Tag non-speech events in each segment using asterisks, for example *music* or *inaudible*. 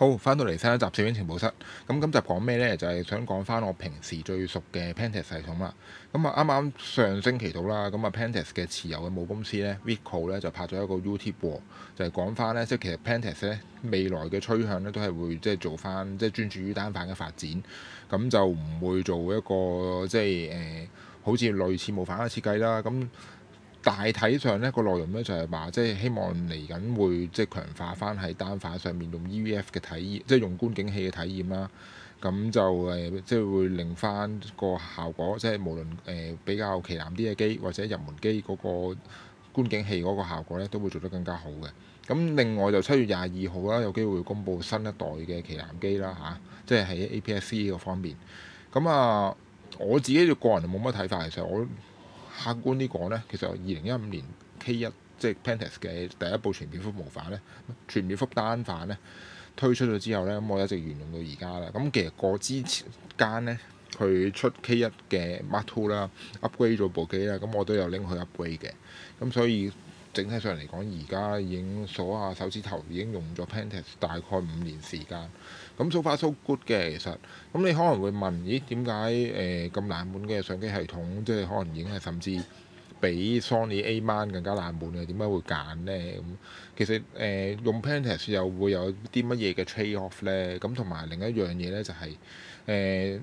好，翻到嚟新一集攝影情報室，咁咁就講咩呢？就係、是、想講翻我平時最熟嘅 Pentax 系統啦。咁啊，啱啱上星期到啦，咁啊 Pentax 嘅持有嘅母公司呢 Ricoh 呢，就拍咗一個 YouTube，就係講翻呢，即係其實 Pentax 呢未來嘅趨向呢都係會即係做翻即係專注於單反嘅發展，咁就唔會做一個即係誒、呃、好似類似無反嘅設計啦。咁大體上咧個內容咧就係話，即係希望嚟緊會即係強化翻喺單反上面用 EVF 嘅體驗，即係用觀景器嘅體驗啦。咁就誒，即係會令翻個效果，即係無論誒比較旗艦啲嘅機或者入門機嗰個觀景器嗰個效果咧，都會做得更加好嘅。咁另外就七月廿二號啦，有機會公布新一代嘅旗艦機啦，吓，即係喺 APS-C 個方面。咁啊，我自己個人冇乜睇法，其實我。客觀啲講咧，其實二零一五年 K 一即係 Pentax 嘅第一部全面幅模反咧，全面幅單反咧推出咗之後咧，咁我一直沿用到而家啦。咁其實過之前間咧，佢出 K 一嘅 Mark Two 啦，upgrade 咗部機啦，咁我都有拎佢 upgrade 嘅，咁所以。整體上嚟講，而家已經數下手指頭已經用咗 Pentax 大概五年時間，咁 so far so good 嘅其實。咁你可能會問，咦點解誒咁冷門嘅相機系統，即係可能已經係甚至比 Sony A1 更加冷門啊？點解會揀呢？咁？其實誒、呃、用 Pentax 又會有啲乜嘢嘅 trade off 呢？咁同埋另一樣嘢呢，就係、是、誒。呃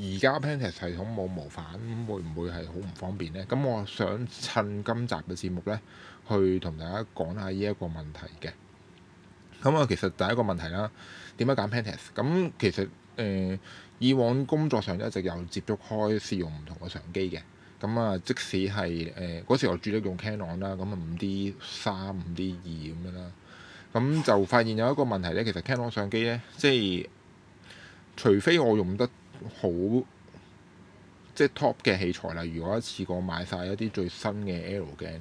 而家 Pentax 系統冇模反，會唔會係好唔方便呢？咁我想趁今集嘅節目呢，去同大家講下呢一個問題嘅。咁啊，其實第一個問題啦，點樣揀 Pentax？咁其實誒、呃，以往工作上一直有接觸開試用唔同嘅相機嘅。咁啊，即使係誒嗰時我主力用 Canon 啦，咁啊五 D 三、五 D 二咁樣啦。咁就發現有一個問題呢，其實 Canon 相機呢，即係除非我用得。好即係 top 嘅器材啦。如果一次過買晒一啲最新嘅 L 鏡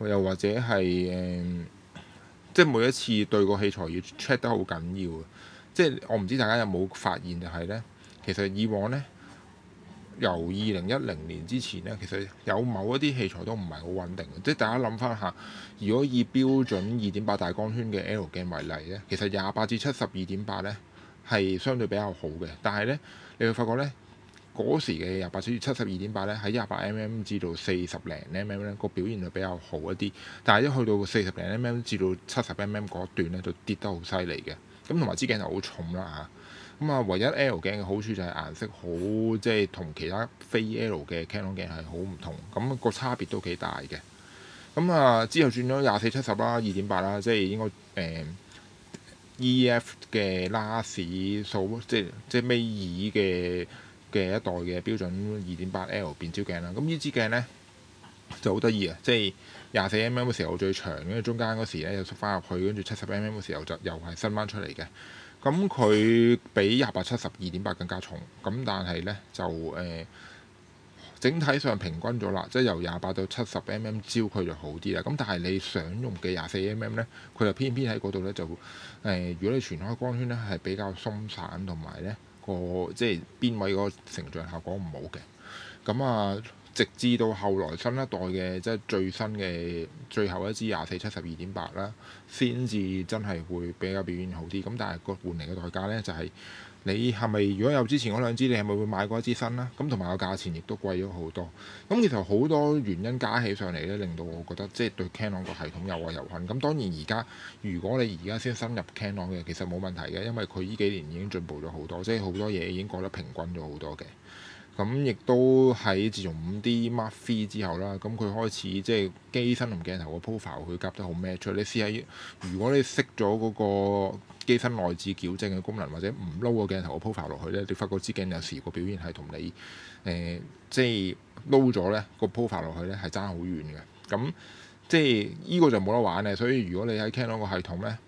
，ang, 又或者係、嗯，即係每一次對個器材要 check 得好緊要即係我唔知大家有冇發現就係、是、咧，其實以往咧由二零一零年之前咧，其實有某一啲器材都唔係好穩定即係大家諗翻下，如果以標準二點八大光圈嘅 L 鏡為例咧，其實廿八至七十二點八咧係相對比較好嘅，但係咧。你會發覺咧，嗰時嘅廿八焦距七十二點八咧，喺廿八 mm 至到四十零 mm 咧個表現就比較好一啲。但係一去到四十零 mm 至到七十 mm 嗰段咧，就跌得好犀利嘅。咁同埋支鏡又好重啦嚇。咁啊，唯一 L 鏡嘅好處就係顏色好，即係同其他非 L 嘅 Canon 鏡係好唔同。咁個差別都幾大嘅。咁啊，之後轉咗廿四七十啦，二點八啦，即係應該誒。呃 EF 嘅拉屎數，即即微耳嘅嘅一代嘅標準二點八 L 變焦鏡啦。咁呢支鏡咧就好得意啊！即係廿四 mm 嘅時候最長，跟住中間嗰時咧又縮翻入去，跟住七十 mm 嘅時候就又係伸翻出嚟嘅。咁佢比廿八七十二點八更加重，咁但係咧就誒。呃整體上平均咗啦，即係由廿八到七十 mm 焦距就好啲啦。咁但係你想用嘅廿四 mm 咧，佢就偏偏喺嗰度咧就誒、呃，如果你全開光圈咧係比較鬆散同埋咧個即係邊位個成像效果唔好嘅。咁啊，直至到後來新一代嘅即係最新嘅最後一支廿四七十二點八啦，先至真係會比較表現好啲。咁但係個換嚟嘅代價咧就係、是。你係咪如果有之前嗰兩支，你係咪會買過一支新啦？咁同埋個價錢亦都貴咗好多。咁其實好多原因加起上嚟呢令到我覺得即係對 Canon 個系統又愛又恨。咁當然而家如果你而家先新入 Canon 嘅，其實冇問題嘅，因為佢呢幾年已經進步咗好多，即係好多嘢已經過得平均咗好多嘅。咁亦都喺自從 5D Mark III 之後啦，咁佢開始即係機身同鏡頭嘅 profile 佢夾得好 match 你試下，如果你熄咗嗰個。機身內置矯正嘅功能，或者唔撈個鏡頭個 profile 落去呢，你發覺支鏡有時個表現係同你誒、呃、即係撈咗呢個 profile 落去呢，係爭好遠嘅。咁即係呢、這個就冇得玩嘅。所以如果你喺 Canon 個系統呢，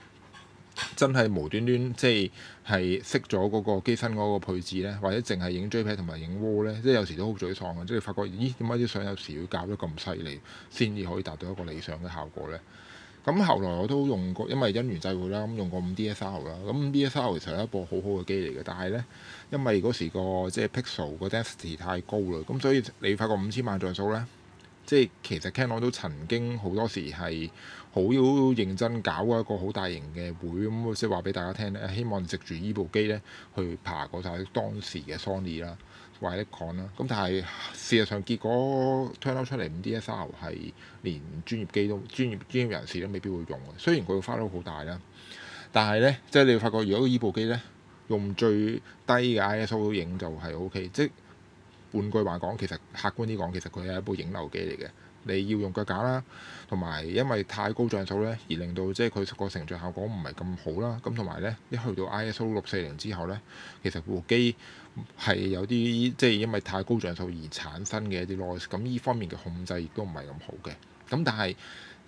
真係無端端即係係熄咗嗰個機身嗰個配置呢，或者淨係影 JPEG 同埋影 RAW 呢，即係有時都好沮喪嘅。即係發覺咦，點解啲相有時要夾得咁犀利，先至可以達到一個理想嘅效果呢？咁後來我都用過，因為因緣際會啦，咁用過 5DSR 啦。咁 5DSR 其實係一部好好嘅機嚟嘅，但係咧，因為嗰時個即係 pixel 個 density 太高啦，咁所以你發覺五千萬像素咧，即係其實 Canon 都曾經好多時係好要認真搞過一個好大型嘅會，咁即係話俾大家聽咧，希望藉住依部機咧去爬過晒當時嘅 Sony 啦。話一講啦，咁但係事實上結果 turn out 出嚟五 D SL 係連專業機都專業專業人士都未必會用嘅，雖然佢 file 都好大啦，但係咧即係你會發覺如果依部機咧用最低嘅 ISO 影就係 OK，即係換句話講，其實客觀啲講，其實佢係一部影樓機嚟嘅。你要用腳架啦，同埋因為太高像素咧，而令到即係佢個成像效果唔係咁好啦。咁同埋咧，一去到 ISO 六四零之後咧，其實部機係有啲即係因為太高像素而產生嘅一啲 noise。咁呢方面嘅控制亦都唔係咁好嘅。咁但係。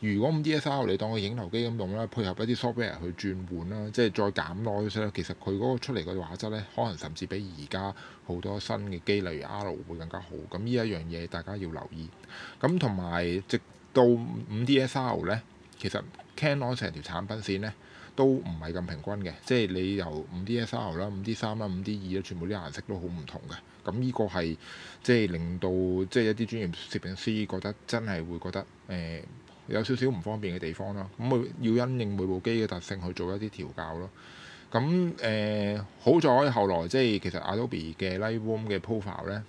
如果五 D S R 你當佢影頭機咁用啦，配合一啲 software 去轉換啦，即係再減 noise，其實佢嗰個出嚟個畫質咧，可能甚至比而家好多新嘅機，例如 R 會更加好。咁呢一樣嘢大家要留意。咁同埋直到五 D S R 咧，其實 Canon 成條產品線咧都唔係咁平均嘅，即係你由五 D S R 啦、五 D 三啦、五 D 二啦，全部啲顏色都好唔同嘅。咁呢個係即係令到即係一啲專業攝影師覺得真係會覺得誒。呃有少少唔方便嘅地方咯，咁我要因應每部機嘅特性去做一啲調校咯。咁誒，呃、好在後來即係其實 Adobe 嘅 Lightroom 嘅 Profile 咧，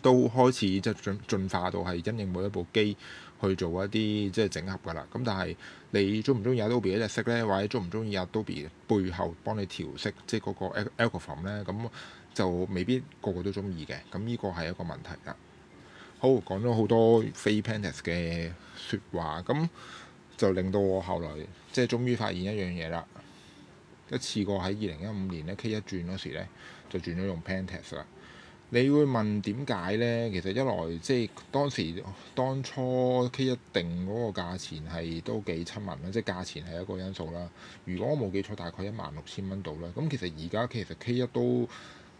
都開始即係進進化到係因應每一部機去做一啲即係整合噶啦。咁但係你中唔中意 Adobe 呢隻色咧，或者中唔中意 Adobe 背後幫你調色，即係嗰個 algorithm 咧，咁就未必個個都中意嘅。咁呢個係一個問題啦。好，講咗好多非 Pentax 嘅説話，咁就令到我後來即係終於發現一樣嘢啦。一次過喺二零一五年呢 K 一轉嗰時呢，就轉咗用 Pentax 啦。你會問點解呢？其實一來即係、就是、當時當初 K 一定嗰個價錢係都幾親民啦，即係價錢係一個因素啦。如果我冇記錯，大概一萬六千蚊到啦。咁其實而家其實 K 一都。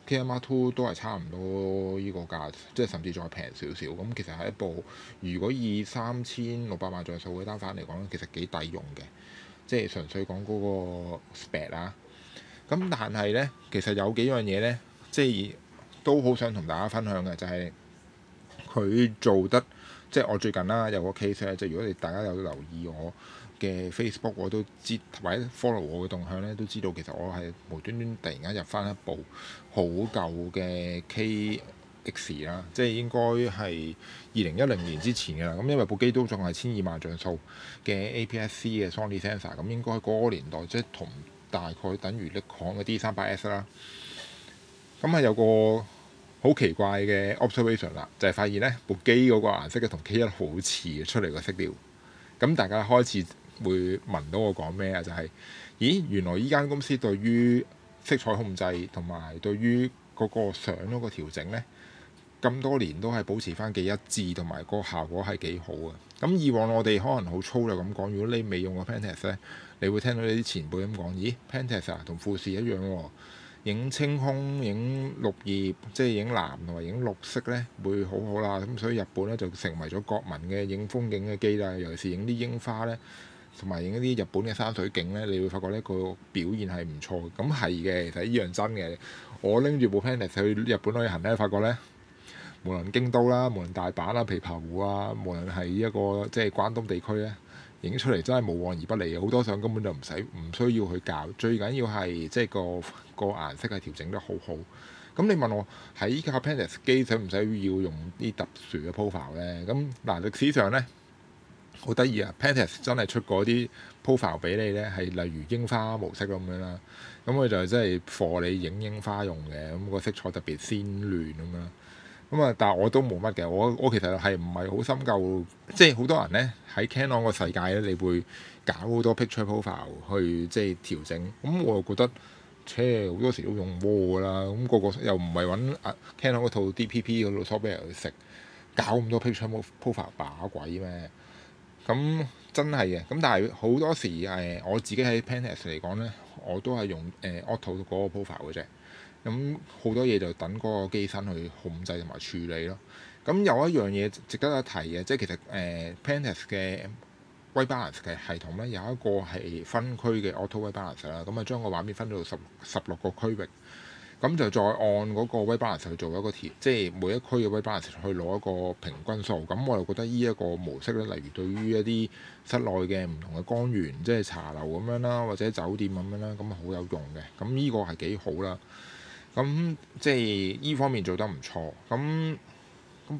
t m r Two 都係差唔多依個價，即係甚至再平少少。咁其實係一部，如果以三千六百萬像素嘅單反嚟講，其實幾抵用嘅。即係純粹講嗰個 spec 啦。咁但係呢，其實有幾樣嘢呢，即係都好想同大家分享嘅，就係佢做得，即係我最近啦有個 case 咧，即係如果你大家有留意我嘅 Facebook 我都知，或者 follow 我嘅動向咧，都知道其實我係無端端突然間入翻一部好舊嘅 KX 啦，即係應該係二零一零年之前㗎啦。咁因為部機都仲係千二萬像素嘅 APS-C 嘅 Sony Sensor，咁應該嗰個年代即係同大概等於 Nikon 嘅 D 三百 S 啦。咁係有個好奇怪嘅 observation 啦，就係發現呢部機嗰個顏色嘅同 K 一好似出嚟個色調，咁大家開始會聞到我講咩啊？就係、是，咦，原來依間公司對於色彩控制同埋對於嗰個相嗰個調整呢，咁多年都係保持翻幾一致，同埋個效果係幾好啊！咁以往我哋可能好粗略咁講，如果你未用過 Pentax 呢你會聽到你啲前輩咁講：咦 Pentax 啊，同富士一樣喎、哦，影青空、影綠葉，即係影藍同埋影綠色呢，會好好啦。咁所以日本呢，就成為咗國民嘅影風景嘅機啦，尤其是影啲櫻花呢。同埋影一啲日本嘅山水景咧，你會發覺呢個表現係唔錯。咁係嘅，其實依樣真嘅。我拎住部 Pentax 去日本旅行咧，發覺咧，無論京都啦，無論大阪啦、琵琶湖啊，無論係依一個即係關東地區咧，影出嚟真係無往而不利。好多相根本就唔使唔需要去校，最緊要係即係個個顏色係調整得好好。咁你問我喺依架 Pentax 機上唔使要用啲特殊嘅 profile 咧？咁嗱，歷史上咧。好得意啊！Pentax 真係出嗰啲 profile 俾你咧，係例如櫻花模式咁樣啦。咁佢就真係 for 你影櫻花用嘅，咁、那個色彩特別鮮嫩咁樣。咁啊，但係我都冇乜嘅。我我其實係唔係好深究，即係好多人咧喺 Canon 個世界咧，你會搞好多 picture profile 去即係調整。咁我又覺得，切好多時都用 w 窩啦。咁、那個個又唔係揾 Canon 嗰套 DPP 嗰度 software 去食，搞咁多 picture profile 把鬼咩？咁真係嘅，咁但係好多時誒，我自己喺 Pentax 嚟講咧，我都係用誒、呃、auto 嗰個 profile 嘅啫。咁好多嘢就等嗰個機身去控制同埋處理咯。咁有一樣嘢值得一提嘅，即係其實誒、呃、Pentax 嘅 white balance 嘅系統咧，有一個係分區嘅 auto white balance 啦。咁啊，將個畫面分到十十六個區域。咁就再按嗰個威巴蘭士去做一個調，即係每一區嘅威巴蘭士去攞一個平均數。咁我又覺得呢一個模式咧，例如對於一啲室內嘅唔同嘅光源，即係茶樓咁樣啦，或者酒店咁樣啦，咁好有用嘅。咁呢個係幾好啦。咁即係依方面做得唔錯。咁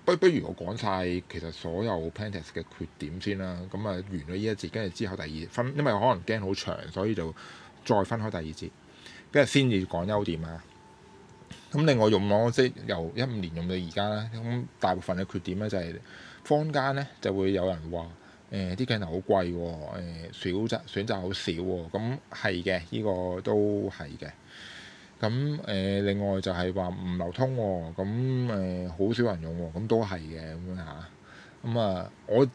不不如我講晒其實所有 Pentax 嘅缺點先啦。咁啊完咗呢一節，跟住之後第二分，因為可能驚好長，所以就再分開第二節，跟住先至講優點啊。咁另外用咯，即係由一五年用到而家啦。咁大部分嘅缺點咧就係坊間咧就會有人話誒啲鏡頭好貴喎，誒、呃、選擇選擇好少喎。咁係嘅，依、這個都係嘅。咁、嗯、誒、呃、另外就係話唔流通喎，咁誒好少人用，咁、嗯、都係嘅咁樣嚇。咁、嗯、啊，我誒、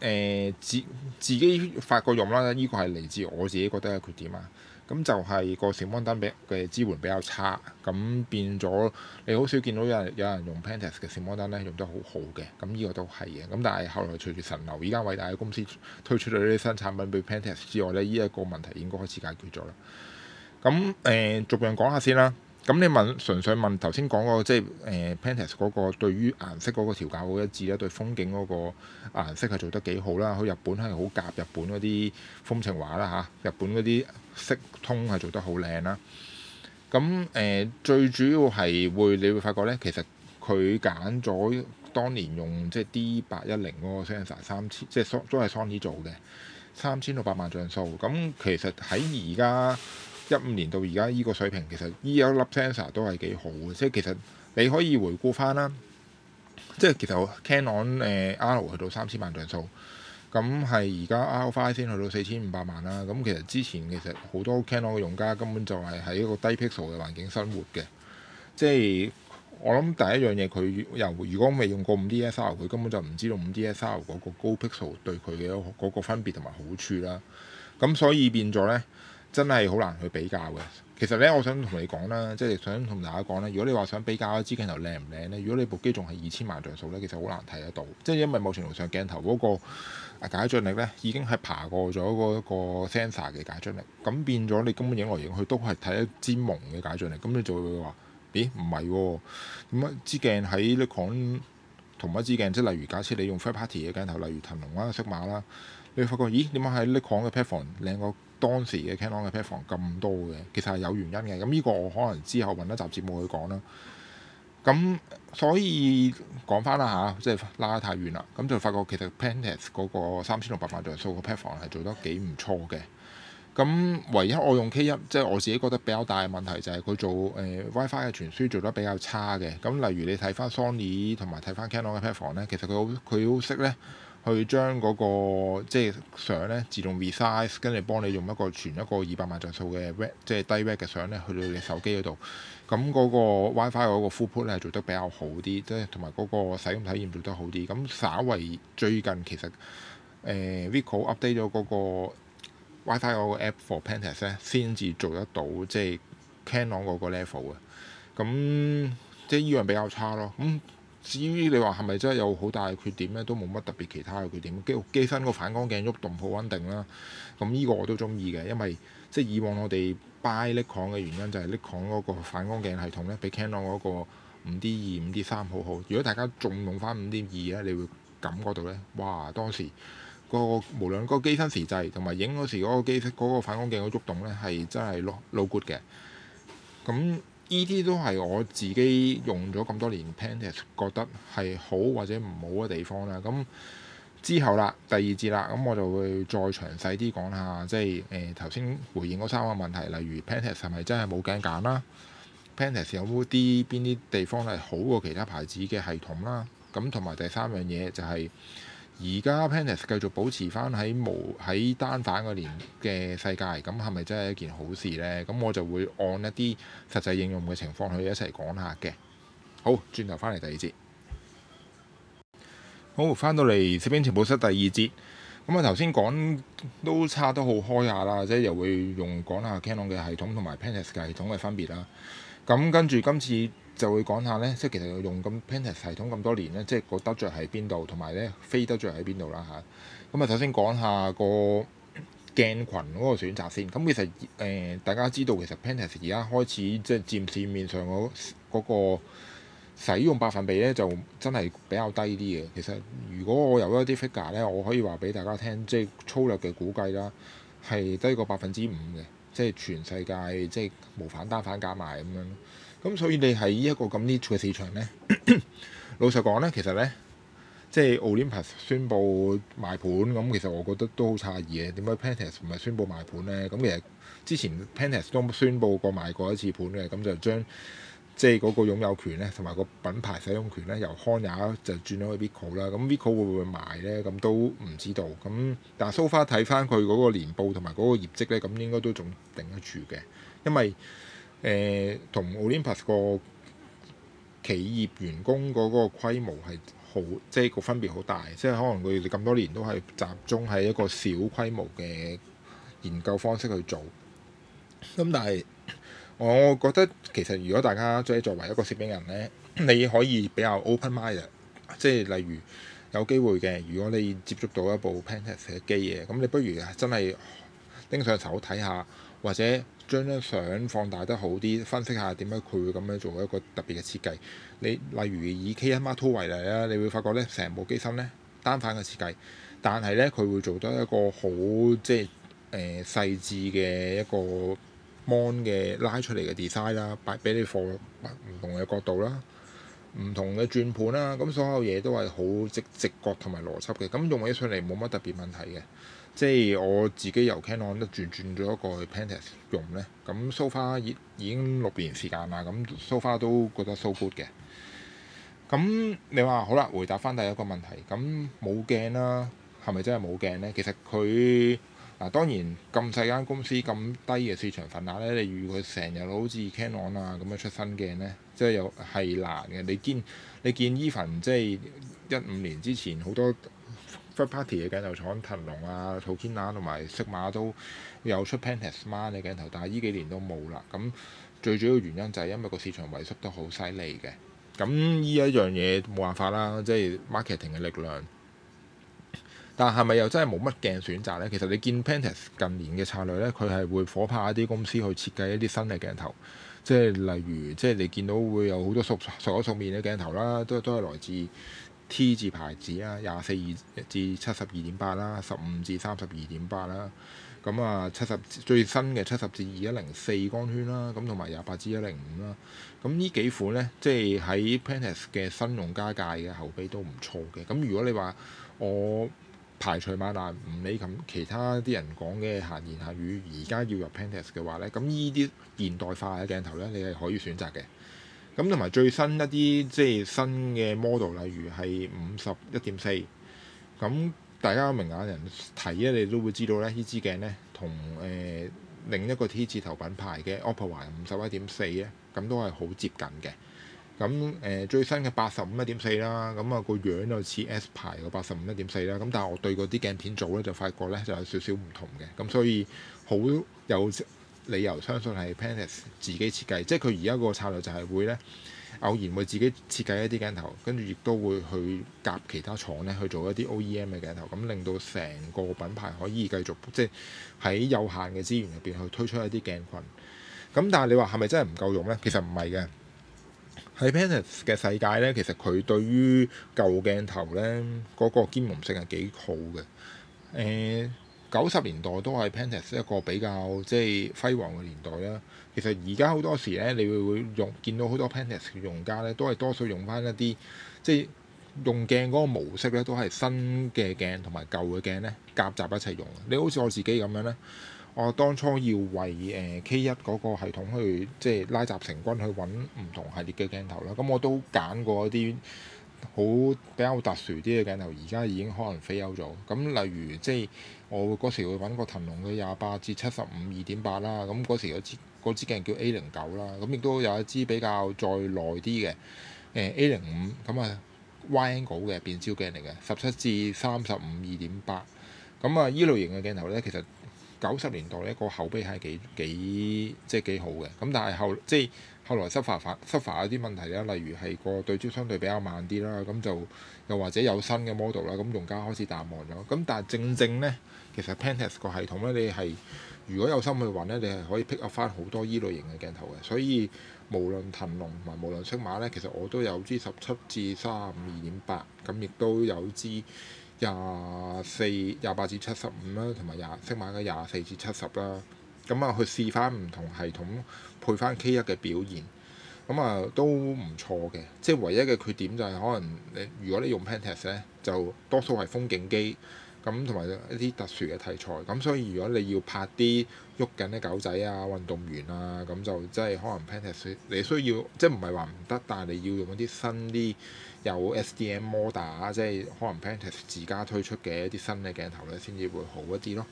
呃、自自己發覺用啦，依、這個係嚟自我自己覺得嘅缺點啊。咁就係個閃光燈俾嘅支援比較差，咁變咗你好少見到有人有人用 Pentax 嘅閃光燈咧用得好好嘅，咁呢個都係嘅。咁但係後來隨住神牛依家偉大嘅公司推出咗呢啲新產品俾 Pentax 之外咧，依、這、一個問題應該開始解決咗啦。咁誒，逐樣講下先啦。咁你問純粹問頭先講過即係誒 Pentax 嗰個對於顏色嗰個調校好一致啦。對風景嗰個顏色係做得幾好啦。去日本係好夾日本嗰啲風情畫啦吓，日本嗰啲色通係做得好靚啦。咁誒、呃、最主要係會你會發覺咧，其實佢揀咗當年用即係、就是、D 八一零嗰個 sensor 三千，即係都都係 Sony 做嘅三千六百萬像素。咁其實喺而家。一五年到而家依個水平，其實依一粒 sensor 都係幾好嘅，即係其實你可以回顧翻啦，即係其實 Canon 誒 R 去到三千萬像素，咁係而家 R5 先去到四千五百萬啦，咁其實之前其實好多 Canon 嘅用家根本就係喺一個低 pixel 嘅環境生活嘅，即係我諗第一樣嘢佢又如果未用過 5DSR 佢根本就唔知道 5DSR 嗰個高 pixel 對佢嘅嗰個分別同埋好處啦，咁所以變咗呢。真係好難去比較嘅。其實咧，我想同你講啦，即係想同大家講啦。如果你話想比較一支鏡頭靚唔靚咧，如果你部機仲係二千萬像素咧，其實好難睇得到。即係因為某程度上鏡頭嗰個解像力咧，已經係爬過咗嗰個 sensor 嘅解像力。咁變咗你根本影來影去都係睇一支朦嘅解像力。咁你就會話：咦，唔係喎？點解支鏡喺 Nikon 同一支鏡？即係例如假設你用 third party 嘅鏡頭，例如騰龍或者色馬啦，你會發覺：咦，點解喺 Nikon 嘅 platform 靚過？當時嘅 Canon 嘅 pet 房咁多嘅，其實係有原因嘅。咁呢個我可能之後揾一集節目去講啦。咁所以講翻啦嚇，即係拉得太遠啦。咁就發覺其實 Pentax 嗰個三千六百萬像素嘅 pet 房係做得幾唔錯嘅。咁唯一我用 K 一，即係我自己覺得比較大嘅問題就係佢做誒、呃、WiFi 嘅傳輸做得比較差嘅。咁例如你睇翻 Sony 同埋睇翻 Canon 嘅 pet 房咧，其實佢好佢好識咧。去將嗰、那個即係相咧自動 resize 跟住幫你用一個全一個二百萬像素嘅即係低 ret 嘅相咧去到你手機嗰度。咁嗰個 WiFi 嗰個 upload 咧做得比較好啲，即係同埋嗰個使用體驗做得好啲。咁稍微最近其實誒 Ricoh、呃、update 咗嗰個 WiFi 嗰個 app for Pentax 咧，先至做得到即係 Canon 嗰個 level 啊。咁即係依樣比較差咯。咁。至於你話係咪真係有好大嘅缺點呢？都冇乜特別其他嘅缺點。機機身個反光鏡喐動好穩定啦，咁呢個我都中意嘅，因為即係以往我哋 buy Nikon 嘅原因就係 Nikon 嗰個反光鏡系統呢，比 Canon 嗰個 5D 二、5D 三好好。如果大家仲用翻 5D 二呢，你會感覺到呢：哇！當時嗰個無論個機身時制同埋影嗰時嗰個機嗰個反光鏡嗰喐動呢，係真係咯老 good 嘅。咁依啲都係我自己用咗咁多年 Pentax 覺得係好或者唔好嘅地方啦。咁之後啦，第二節啦，咁我就會再詳細啲講下，即係誒頭先回應嗰三個問題，例如 Pentax 係咪真係冇鏡揀啦？Pentax 有冇啲邊啲地方係好過其他牌子嘅系統啦？咁同埋第三樣嘢就係、是。而家 Pentax 繼續保持翻喺無喺單反個年嘅世界，咁係咪真係一件好事呢？咁我就會按一啲實際應用嘅情況去一齊講下嘅。好，轉頭翻嚟第二節。好，翻到嚟攝影情報室第二節。咁啊，頭先講都差得好開下啦，即係又會用講下 Canon 嘅系統同埋 Pentax 系統嘅分別啦。咁跟住今次，就會講下呢，即係其實用咁 Pentax 系統咁多年呢，即係個得着喺邊度，同埋呢非得着喺邊度啦吓，咁啊，首先講下個鏡群嗰個選擇先。咁其實誒、呃，大家知道其實 Pentax 而家開始即係佔市面上嗰嗰、嗰個使用百分比呢，就真係比較低啲嘅。其實如果我有一啲 figure 呢，我可以話俾大家聽，即係粗略嘅估計啦，係低過百分之五嘅，即係全世界即係無反單反加埋咁樣。咁所以你喺呢一個咁 niche 嘅市場呢， *coughs* 老實講呢，其實呢，即係 Olympus 宣布賣盤，咁其實我覺得都好詫異嘅。點解 Pentax 唔係宣布賣盤呢？咁其實之前 Pentax 都宣布過賣過一次盤嘅，咁就將即係嗰個擁有權呢，同埋個品牌使用權呢，由康也就轉咗去 Vico 啦。咁 Vico 會唔會賣呢？咁都唔知道。咁但係 so far 睇翻佢嗰個年報同埋嗰個業績呢，咁應該都仲頂得住嘅，因為。誒同、呃、Olympus 個企業員工嗰個規模係好，即係個分別好大，即係可能佢哋咁多年都係集中喺一個小規模嘅研究方式去做。咁但係我覺得其實如果大家即係作為一個攝影人咧，你可以比較 open mind，即係例如有機會嘅，如果你接觸到一部 Pentax 嘅機嘅，咁你不如真係拎上手睇下，或者。將張相放大得好啲，分析下點解佢會咁樣做一個特別嘅設計。你例如以 K-1 Mark Two 為例啦，你會發覺咧，成部機身咧單反嘅設計，但係咧佢會做得一個好即係誒細緻嘅一個 mon 嘅拉出嚟嘅 design 啦，擺俾你放唔同嘅角度啦，唔同嘅轉盤啦，咁所有嘢都係好即直覺同埋邏輯嘅，咁用起上嚟冇乜特別問題嘅。即係我自己由 Canon 一轉轉咗一個去 Paneris 用咧，咁 s 收花已已經六年時間啦，咁 Sofa 都覺得 So Good 嘅。咁你話好啦，回答翻第一個問題，咁冇鏡啦，啊，係咪真係冇鏡咧？其實佢嗱當然咁細間公司咁低嘅市場份額咧，你預佢成日好似 Canon 啊咁樣出新鏡咧，即係又係難嘅。你見你見 Even 即係一五年之前好多。First party 嘅鏡頭廠騰龍啊、圖麗同埋色馬都有出 Pentax 嘅鏡頭，但係呢幾年都冇啦。咁最主要原因就係因為個市場萎縮得好犀利嘅。咁依一樣嘢冇辦法啦，即係 marketing 嘅力量。但係咪又真係冇乜鏡選擇呢？其實你見 Pentax 近年嘅策略呢，佢係會火拍一啲公司去設計一啲新嘅鏡頭，即係例如即係你見到會有好多熟熟口熟面嘅鏡頭啦，都都係來自。T 字牌子啊，廿四二至七十二點八啦，十五至三十二點八啦，咁啊七十最新嘅七十至二一零四光圈啦，咁同埋廿八至一零五啦，咁呢幾款呢，即係喺 Pentax 嘅新用家界嘅後備都唔錯嘅。咁如果你話我排除萬難，唔理咁其他啲人講嘅閒言閒語，而家要入 Pentax 嘅話呢，咁呢啲現代化嘅鏡頭呢，你係可以選擇嘅。咁同埋最新一啲即係新嘅 model，例如係五十一點四，咁大家明眼人睇咧，你都會知道咧呢支鏡咧同誒另一個 T 字頭品牌嘅 opera 五十一點四咧，咁都係好接近嘅。咁誒、呃、最新嘅八十五一點四啦，咁啊個樣又似 S 牌嘅八十五一點四啦，咁但係我對嗰啲鏡片組咧就發覺咧就有少少唔同嘅，咁所以好有。理由相信係 Pentax 自己設計，即係佢而家個策略就係會咧偶然會自己設計一啲鏡頭，跟住亦都會去夾其他廠咧去做一啲 OEM 嘅鏡頭，咁令到成個品牌可以繼續即係喺有限嘅資源入邊去推出一啲鏡群。咁但係你話係咪真係唔夠用呢？其實唔係嘅。喺 Pentax 嘅世界呢，其實佢對於舊鏡頭呢嗰、那個兼容性係幾好嘅。誒。九十年代都係 Pentax 一個比較即係輝煌嘅年代啦。其實而家好多時咧，你會用見到好多 Pentax 用家咧，都係多數用翻一啲即係用鏡嗰個模式咧，都係新嘅鏡同埋舊嘅鏡咧夾雜一齊用。你好似我自己咁樣咧，我當初要為誒 K1 嗰個系統去即係、就是、拉雜成軍去揾唔同系列嘅鏡頭啦。咁我都揀過一啲。好比較特殊啲嘅鏡頭，而家已經可能飛歐咗。咁例如即係、就是、我嗰時會揾個騰龍嘅廿八至七十五二點八啦。咁嗰時有支嗰支鏡叫 A 零九啦。咁亦都有一支比較再耐啲嘅誒 A 零五，咁啊 wide angle 嘅變焦鏡嚟嘅十七至三十五二點八。咁啊依類型嘅鏡頭咧，其實～九十年代咧、個口碑係幾幾即係幾好嘅。咁但係後即係後來執法執法有啲問題啦，例如係個對焦相對比較慢啲啦，咁就又或者有新嘅 model 啦，咁用家開始淡忘咗。咁但係正正咧，其實 Pentax 個系統咧，你係如果有心去揾咧，你係可以 pick up 返好多依類型嘅鏡頭嘅。所以無論騰龍同埋無論適馬咧，其實我都有支十七至三十五二點八，咁亦都有支。廿四、廿八至七十五啦，同埋廿，識買嘅廿四至七十啦。咁啊，去試翻唔同系統，配翻 K 一嘅表現，咁啊都唔錯嘅。即係唯一嘅缺點就係、是、可能你，如果你用 PanTest 咧，就多數係風景機，咁同埋一啲特殊嘅題材。咁所以如果你要拍啲喐緊啲狗仔啊、運動員啊，咁就即係可能 Pentax 你需要即係唔係話唔得，但係你要用一啲新啲有 SDM motor 啊，即係可能 Pentax 自家推出嘅一啲新嘅鏡頭咧，先至會好一啲咯。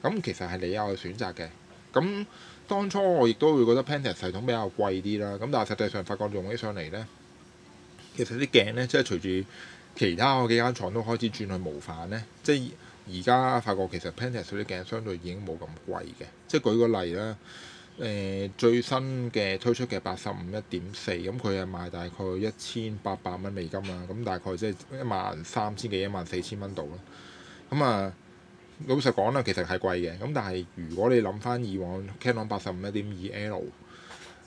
咁其實係你有嘅選擇嘅。咁當初我亦都會覺得 Pentax 系統比較貴啲啦。咁但係實際上發覺用起上嚟咧，其實啲鏡咧，即係隨住其他嗰幾間廠都開始轉去模範咧，即係。而家發覺其實 Pentax 少啲鏡相對已經冇咁貴嘅，即係舉個例啦。誒、呃、最新嘅推出嘅八十五一點四，咁佢係賣大概一千八百蚊美金啊，咁、嗯、大概即係一萬三千幾、一萬四千蚊度啦。咁、嗯、啊、嗯，老實講啦，其實係貴嘅。咁、嗯、但係如果你諗翻以往 Canon 八十五一點二 L，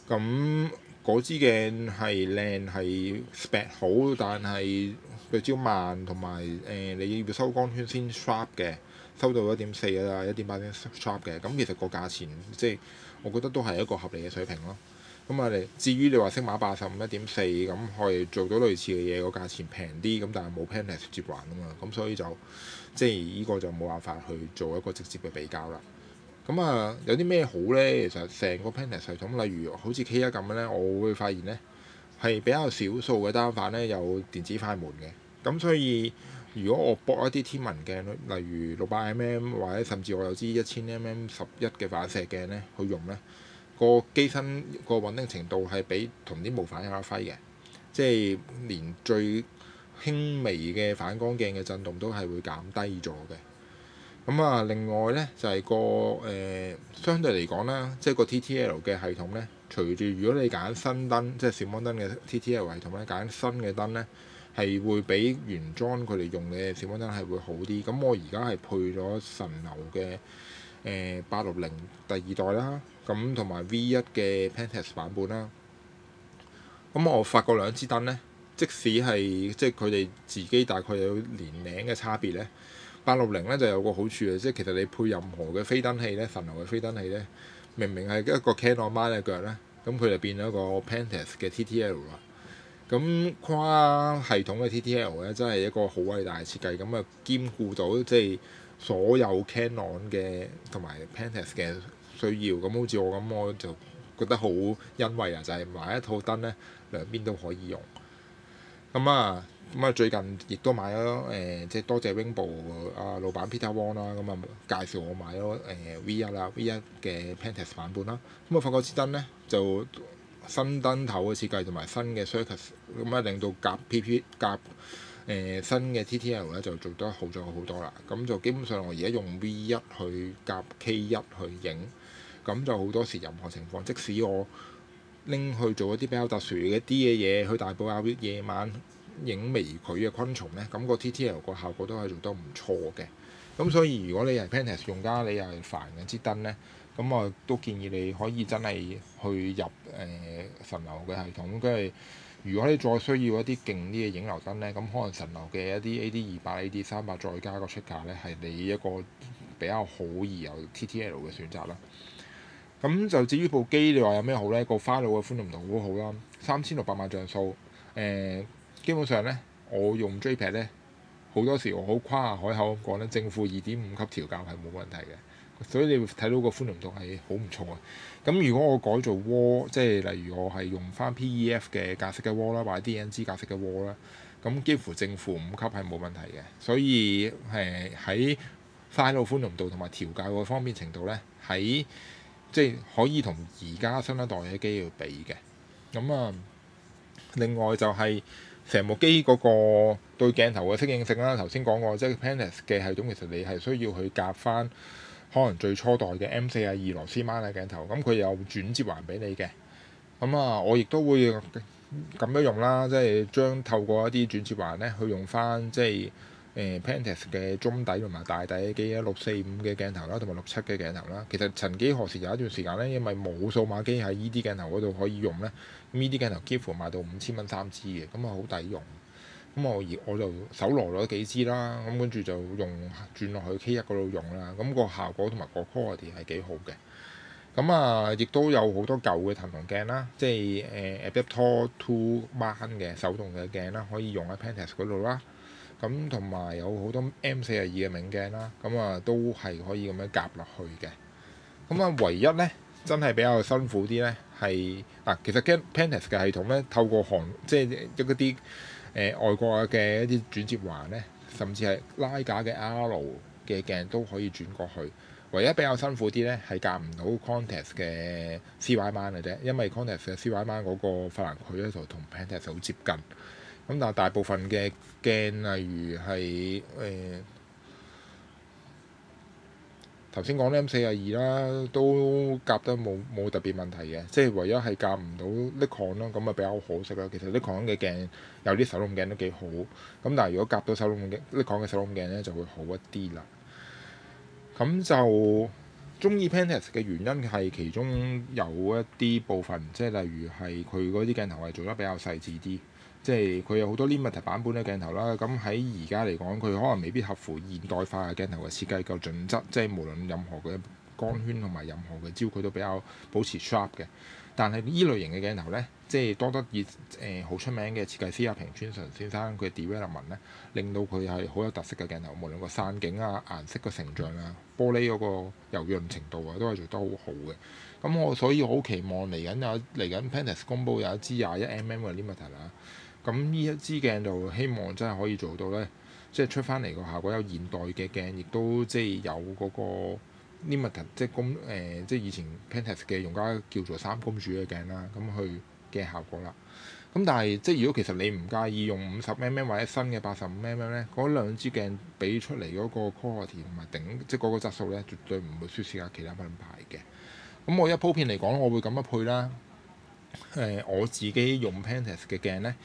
咁、嗯、嗰支鏡係靚係 spec 好，但係對焦慢同埋誒，你要收光圈先 sharp 嘅，收到一點四啊，一點八先 sharp 嘅。咁其實個價錢即係、就是、我覺得都係一個合理嘅水平咯。咁啊，至於你至於你話星馬八十五一點四咁，可以做到類似嘅嘢，那個價錢平啲，咁但係冇 Pentax 接環啊嘛。咁所以就即係依個就冇辦法去做一個直接嘅比較啦。咁啊，有啲咩好咧？其實成個 Pentax 系統，例如好似 K 一咁咧，我會發現咧。係比較少數嘅單反呢，有電子快門嘅，咁，所以如果我搏一啲天文鏡，例如六百 mm 或者甚至我有支一千 mm 十一嘅反射鏡呢，去用呢，個機身個穩定程度係比同啲無反有得揮嘅，即係連最輕微嘅反光鏡嘅震動都係會減低咗嘅。咁啊，另外呢，就係個誒，相對嚟講啦，即係個 T T L 嘅系統呢。隨住如果你揀新燈，即係閃光燈嘅 TTL 系統咧，揀新嘅燈呢，係會比原裝佢哋用嘅閃光燈係會好啲。咁我而家係配咗神牛嘅誒八六零第二代啦，咁同埋 V 一嘅 Pentax 版本啦。咁我發覺兩支燈呢，即使係即係佢哋自己大概有年齡嘅差別呢，八六零呢就有個好處嘅。即係其實你配任何嘅飛燈器呢，神牛嘅飛燈器呢。明明係一個 Canon 買嘅腳咧，咁佢就變咗個 Pentax 嘅 TTL 咯。咁跨系統嘅 TTL 咧，真係一個好偉大嘅設計。咁啊，兼顧到即係所有 Canon 嘅同埋 Pentax 嘅需要。咁好似我咁，我就覺得好欣慰啊！就係、是、買一套燈咧，兩邊都可以用。咁啊～咁啊！最近亦都買咗誒，即、呃、係多謝 Wingbo 啊，老闆 Peter Wong 啦、啊。咁、嗯、啊，介紹我買咗誒、呃、V 一啦，V 一嘅 Pentax 版本啦。咁啊，發覺支燈呢，就新燈頭嘅設計同埋新嘅 circus，咁啊令到夾 PP 夾誒、呃、新嘅 TTL 咧就做得好咗好多啦。咁就基本上我而家用 V 一去夾 K 一去影，咁就好多時任何情況，即使我拎去做一啲比較特殊嘅啲嘅嘢，去大埔啊夜晚，影微距嘅昆蟲呢，咁、個 TTL 個效果都係做得唔錯嘅。咁所以如果你係 Pentax 用家，你又係煩緊支燈呢，咁我都建議你可以真係去入誒、呃、神流嘅系統。跟住如果你再需要一啲勁啲嘅影樓燈呢，咁可能神流嘅一啲 A D 二百、A D 三百再加個出價、er、呢，係你一個比較好而有 TTL 嘅選擇啦。咁就至於部機你話有咩好呢？個花路嘅寬度唔同好好啦，三千六百萬像素誒。呃基本上咧，我用 JPEG 咧，好多時我好誇下海口咁講咧，正負二點五級調教係冇問題嘅。所以你會睇到個寬容度係好唔錯嘅。咁如果我改做 RAW，即係例如我係用翻 P E F 嘅格式嘅 RAW 啦，或者 D N G 格式嘅 RAW 啦，咁幾乎正負五級係冇問題嘅。所以誒喺快路寬容度同埋調教嘅方面程度咧，喺即係可以同而家新一代嘅機要比嘅。咁啊，另外就係、是。成部機嗰個機對鏡頭嘅適應性啦，頭先講過，即係 Pentax 嘅系統其實你係需要去夾翻可能最初代嘅 M 四啊二螺絲 mount 嘅鏡頭，咁佢有轉接環俾你嘅。咁啊，我亦都會咁樣用啦，即係將透過一啲轉接環咧去用翻，即係誒 Pentax 嘅中底同埋大底嘅六四五嘅鏡頭啦，同埋六七嘅鏡頭啦。其實曾幾何時有一段時間咧，因為冇數碼機喺呢啲鏡頭嗰度可以用咧。m 呢啲鏡頭幾乎賣到五千蚊三支嘅，咁啊好抵用。咁我而我就手攞攞咗幾支啦，咁跟住就用轉落去 K 一嗰度用啦。咁、那個效果同埋個 quality 係幾好嘅。咁啊，亦都有好多舊嘅騰龍鏡啦，即係誒 Abetto Two 班嘅手動嘅鏡啦，可以用喺 Panther 嗰度啦。咁同埋有好多 M 四廿二嘅名鏡啦，咁啊都係可以咁樣夾落去嘅。咁啊，唯一咧～真係比較辛苦啲咧，係嗱、啊，其實 Pentax 嘅系統咧，透過韓即係一啲誒、呃、外國嘅一啲轉接環咧，甚至係拉架嘅 R 羅嘅鏡都可以轉過去。唯一比較辛苦啲咧，係夾唔到 Contax 嘅 C-Y-Man 嘅啫，因為 Contax 嘅 C-Y-Man 嗰個法蘭距咧就同 Pentax 好接近。咁但係大部分嘅鏡，例如係誒。呃頭先講 M42 啦，都夾得冇冇特別問題嘅，即係唯一係夾唔到 Nikon 啦，咁啊比較可惜啦。其實 Nikon 嘅鏡有啲手動鏡都幾好，咁但係如果夾到手動鏡，Nikon 嘅手動鏡咧就會好一啲啦。咁就中意 Pentax 嘅原因係其中有一啲部分，即係例如係佢嗰啲鏡頭係做得比較細緻啲。即係佢有好多 Limited 版本嘅鏡頭啦，咁喺而家嚟講，佢可能未必合乎現代化嘅鏡頭嘅設計夠準則。即係無論任何嘅光圈同埋任何嘅焦距都比較保持 sharp 嘅。但係依類型嘅鏡頭咧，即係多得以誒好、呃、出名嘅設計師阿平川純先生佢 development 咧，令到佢係好有特色嘅鏡頭。無論個散景啊、顏色嘅成像啊、玻璃嗰個柔潤程度啊，都係做得好好嘅。咁我所以好期望嚟緊有嚟緊 Pentax 公布有一支廿一 mm 嘅 Limited 啦。咁呢一支鏡就希望真係可以做到咧，即係出翻嚟個效果有現代嘅鏡，亦都即係有嗰個 limit 即係公誒，即係、呃、以前 Pentax 嘅用家叫做三公主嘅鏡啦，咁去嘅效果啦。咁但係即係如果其實你唔介意用五十 mm 或者新嘅八十五 mm 咧，嗰兩支鏡俾出嚟嗰個 quality 同埋頂即係嗰個質素咧，絕對唔會輸蝕下其他品牌嘅。咁我一鋪片嚟講，我會咁樣配啦。誒、呃、我自己用 Pentax 嘅鏡呢，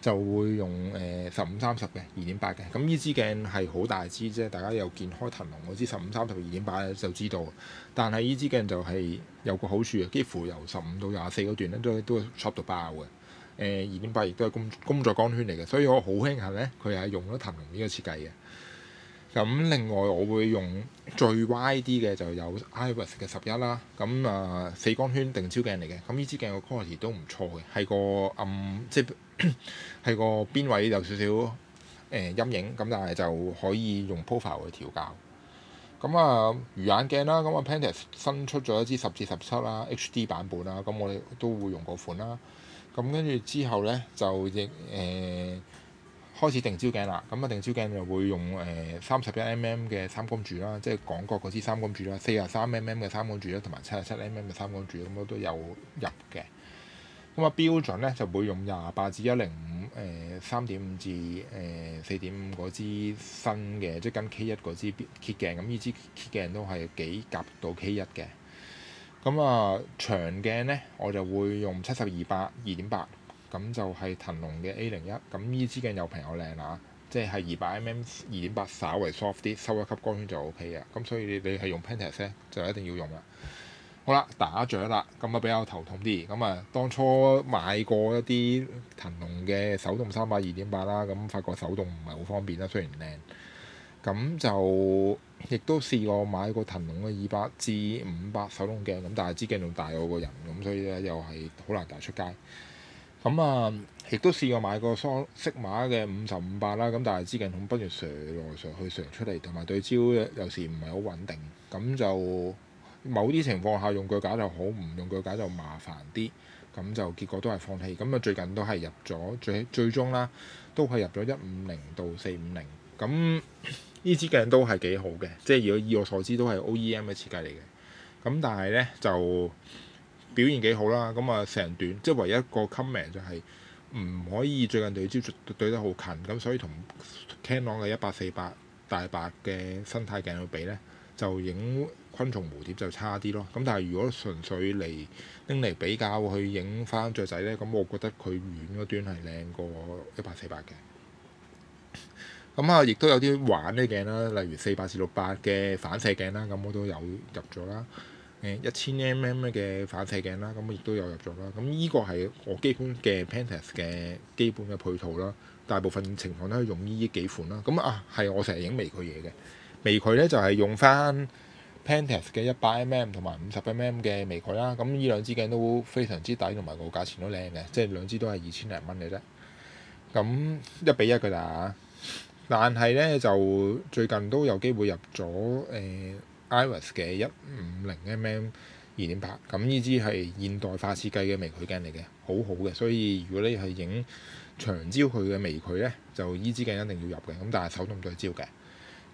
就會用誒十五三十嘅二點八嘅。咁呢支鏡係好大支啫，大家有見開騰龍嗰支十五三十二點八就知道。但係呢支鏡就係有個好處啊，幾乎由十五到廿四嗰段呢，都都 sharp 到爆嘅。誒二點八亦都係工工作光圈嚟嘅，所以我好慶幸呢，佢係用咗騰龍呢個設計嘅。咁另外我會用最歪啲嘅就有 Iris 嘅十一啦，咁、呃、啊四光圈定焦鏡嚟嘅，咁呢支鏡個 quality 都唔錯嘅，係個暗、嗯、即係個邊位有少少誒、呃、陰影，咁但係就可以用 profile 去調校。咁啊、呃、魚眼鏡啦，咁啊 Pentax 新出咗一支十至十七啦，HD 版本啦，咁我哋都會用嗰款啦。咁跟住之後咧就亦誒。呃開始定焦鏡啦，咁啊定焦鏡會、呃 mm mm mm 啊、就會用誒三十一 mm 嘅三公主啦，即係廣角嗰支三公主啦，四十三 mm 嘅三公主啦，同埋七十七 mm 嘅三公主咁都都有入嘅。咁啊標準咧就會用廿八至一零五誒三點五至誒四點五嗰支新嘅，即係跟 K 一嗰支 kit 鏡，咁呢支 kit 鏡都係幾夾到 K 一嘅。咁啊長鏡咧我就會用七十二八二點八。28。咁就係騰龍嘅 A 零一，咁呢支鏡又平又靚啊！即係二百 mm 二點八，稍微 soft 啲，收一級光圈就 O K 啊。咁所以你你係用 pentax 咧，就一定要用啦。好啦，打獎啦，咁啊比較頭痛啲。咁啊，當初買過一啲騰龍嘅手動三百二點八啦，咁發覺手動唔係好方便啦，雖然靚。咁就亦都試過買過騰龍嘅二百至五百手動鏡，咁但係支鏡仲大過我個人，咁所以咧又係好難帶出街。咁啊，亦都試過買過 Sigma 嘅五十五百啦，咁但係支鏡同不如嘗來嘗去嘗出嚟，同埋對焦有時唔係好穩定，咁就某啲情況下用腳架就好，唔用腳架就麻煩啲，咁就結果都係放棄，咁啊最近都係入咗最最終啦，都係入咗一五零到四五零，咁呢支鏡都係幾好嘅，即係如果以我所知都係 OEM 嘅設計嚟嘅，咁但係咧就。表現幾好啦，咁啊成段，即係唯一一個 comment 就係唔可以最近對焦對得好近，咁所以同 Canon 嘅一百四百大白嘅生態鏡去比呢，就影昆蟲蝴蝶就差啲咯。咁但係如果純粹嚟拎嚟比較去影翻雀仔呢，咁我覺得佢遠嗰端係靚過一百四百嘅。咁啊，亦都有啲玩啲鏡啦，例如四百至六百嘅反射鏡啦，咁我都有入咗啦。誒一千 mm 嘅反射鏡啦，咁亦都有入咗啦。咁依個係我基本嘅 Pentax 嘅基本嘅配套啦。大部分情況都可以用依幾款啦。咁啊係我成日影微距嘢嘅，微距呢，就係、是、用翻 Pentax 嘅一百 mm 同埋五十 mm 嘅微距啦。咁呢兩支鏡都非常之抵，同埋個價錢都靚嘅，即係兩支都係二千零蚊嘅啫。咁一比一嘅啦，但係呢就最近都有機會入咗誒。呃 Iris 嘅一五零 mm 二點八，咁呢支係現代化設計嘅微距鏡嚟嘅，好好嘅。所以如果你係影長焦佢嘅微距呢，就呢支鏡一定要入嘅。咁但係手動對焦嘅。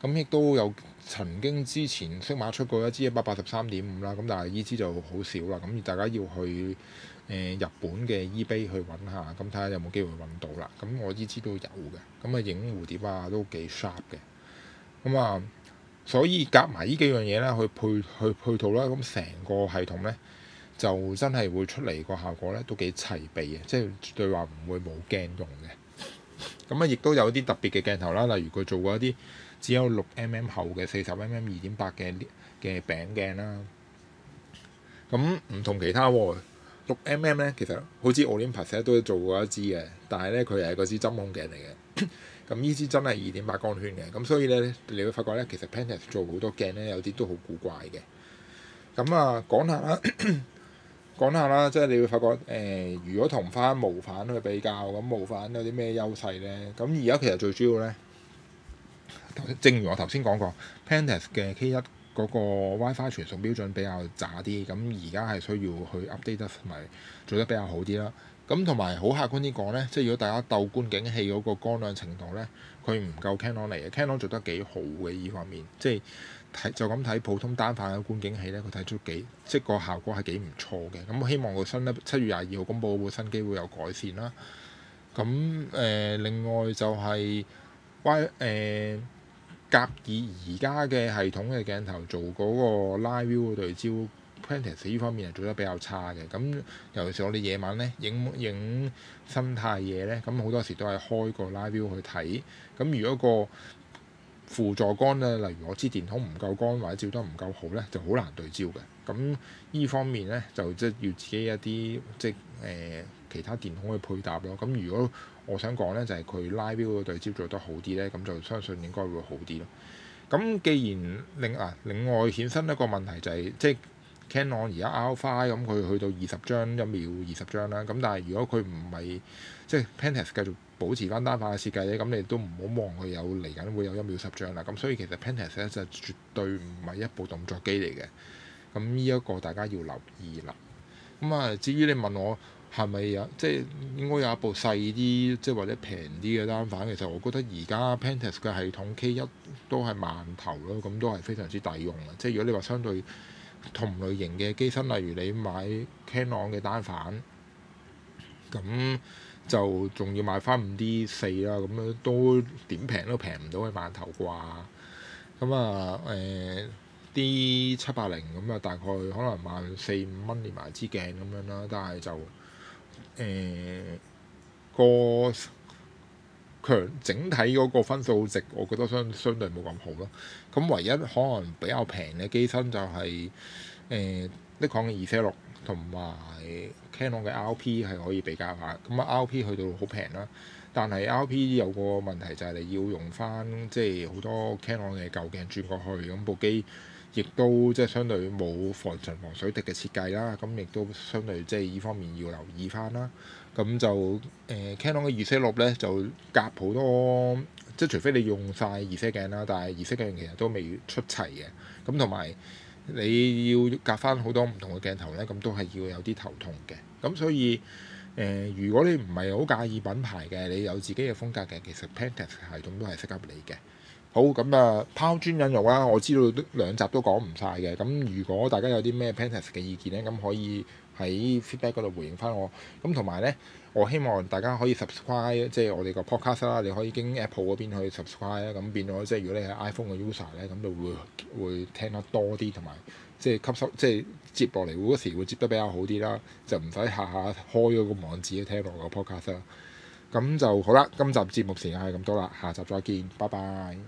咁亦都有曾經之前適馬出過一支一百八十三點五啦，咁但係呢支就好少啦。咁大家要去、呃、日本嘅 Ebay 去揾下，咁睇下有冇機會揾到啦。咁我呢支都有嘅。咁啊影蝴蝶啊都幾 sharp 嘅。咁啊～所以夾埋呢幾樣嘢咧，去配去配套啦，咁成個系統咧就真係會出嚟個效果咧，都幾齊備嘅，即係絕對話唔會冇鏡用嘅。咁啊，亦都有啲特別嘅鏡頭啦，例如佢做過一啲只有六 m m 厚嘅四十 m m 2.8嘅嘅餅鏡啦。咁唔同其他啊、六 m m 咧，其實好似 Olympus 咧都做過一支嘅，但係咧佢係嗰支針孔鏡嚟嘅。 *laughs* 咁呢支真係2.8光圈嘅，咁所以咧，你會發覺咧，其實 Pentax 做好多鏡咧，有啲都好古怪嘅。咁啊，講下啦，咳咳，講下啦，即係你會發覺，誒、呃，如果同翻無反去比較，咁無反有啲咩優勢咧？咁而家其實最主要咧，正如我頭先講過 Pentax 嘅 K1 嗰個 WiFi 傳送標準比較渣啲，咁而家係需要去 update 同埋做得比較好啲啦。咁同埋好客觀啲講咧，即係如果大家鬥觀景器嗰個光亮程度咧，佢唔夠 Canon 嚟嘅，Canon 做得幾好嘅依方面，即係睇就咁睇普通單反嘅觀景器咧，佢睇出幾即係個效果係幾唔錯嘅。咁、嗯、希望個新咧七月廿二號公布嘅新機會有改善啦。咁誒、呃、另外就係 Y 誒，甲以而家嘅系統嘅鏡頭做嗰個 Live View 嘅對焦。Pentax 呢方面係做得比較差嘅。咁尤其是我哋夜晚呢，影影生態嘢呢，咁好多時都係開個 live view 去睇。咁如果個輔助光呢，例如我支電筒唔夠光或者照得唔夠好呢，就好難對焦嘅。咁呢方面呢，就即係要自己一啲即係誒、呃、其他電筒去配搭咯。咁如果我想講呢，就係佢 live view 嘅對焦做得好啲呢，咁就相信應該會好啲咯。咁既然另啊，另外衍生一個問題就係、是、即係。Canon 而家 R5 咁佢去到二十張一秒二十張啦。咁但係如果佢唔係即係 Pentax 繼續保持翻單反嘅設計咧，咁你都唔好望佢有嚟緊會有一秒十張啦。咁所以其實 Pentax 咧就絕對唔係一部動作機嚟嘅。咁呢一個大家要留意啦。咁啊，至於你問我係咪有即係應該有一部細啲即係或者平啲嘅單反？其實我覺得而家 Pentax 嘅系統 K 一都係慢頭咯，咁都係非常之抵用嘅。即係如果你話相對。同類型嘅機身，例如你買 Canon 嘅單反，咁就仲要買翻 5D 四啦，咁樣都點平都平唔到嘅饅頭啩。咁啊，誒啲七八零咁啊，80，大概可能萬四五蚊連埋支鏡咁樣啦，但係就誒、呃、個。強整體嗰個分數值，我覺得相相對冇咁好咯。咁唯一可能比較平嘅機身就係誒尼康嘅246同埋 Canon 嘅 RP 係可以比較下。咁啊 RP 去到好平啦，但係 RP 有個問題就係你要用翻即係好多 Canon 嘅舊鏡轉過去，咁部機亦都即係相對冇防塵防水滴嘅設計啦。咁亦都相對即係呢方面要留意翻啦。咁就誒、呃、Canon 嘅二色六咧，就夾好多，即係除非你用晒二色鏡啦，但係二色鏡其實都未出齊嘅。咁同埋你要夾翻好多唔同嘅鏡頭咧，咁都係要有啲頭痛嘅。咁所以誒、呃，如果你唔係好介意品牌嘅，你有自己嘅風格嘅，其實 Pentax 系統都係適合你嘅。好，咁啊，拋磚引玉啦，我知道都兩集都講唔晒嘅。咁如果大家有啲咩 Pentax 嘅意見咧，咁可以，喺 feedback 嗰度回應返我咁，同埋咧，我希望大家可以 subscribe 即係我哋個 podcast 啦。你可以經 Apple 嗰邊去 subscribe 啦，咁變咗即係如果你係 iPhone 嘅 user 咧，咁就會會聽得多啲，同埋即係吸收，即係接落嚟嗰時會接得比較好啲啦，就唔使下下開嗰個網址聽落個 podcast 啦。咁就好啦，今集節目時間係咁多啦，下集再見，拜拜。